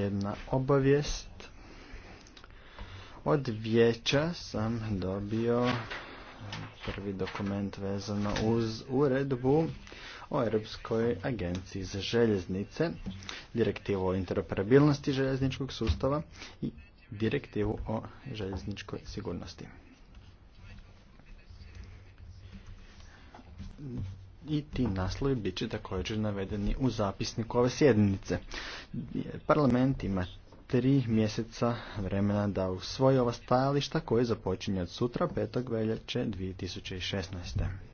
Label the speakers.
Speaker 1: jedna obavijest. Od vijeća sam dobio prvi dokument vezano uz uredbu o Europskoj agenciji za željeznice, direktivu o interoperabilnosti željezničkog sustava i direktivu o željezničkoj sigurnosti i ti naslovi bit će također navedeni u zapisniku ove sjednice. Parlament ima tri mjeseca vremena da usvoji ova stajališta koje započinje od sutra 5. veljače 2016.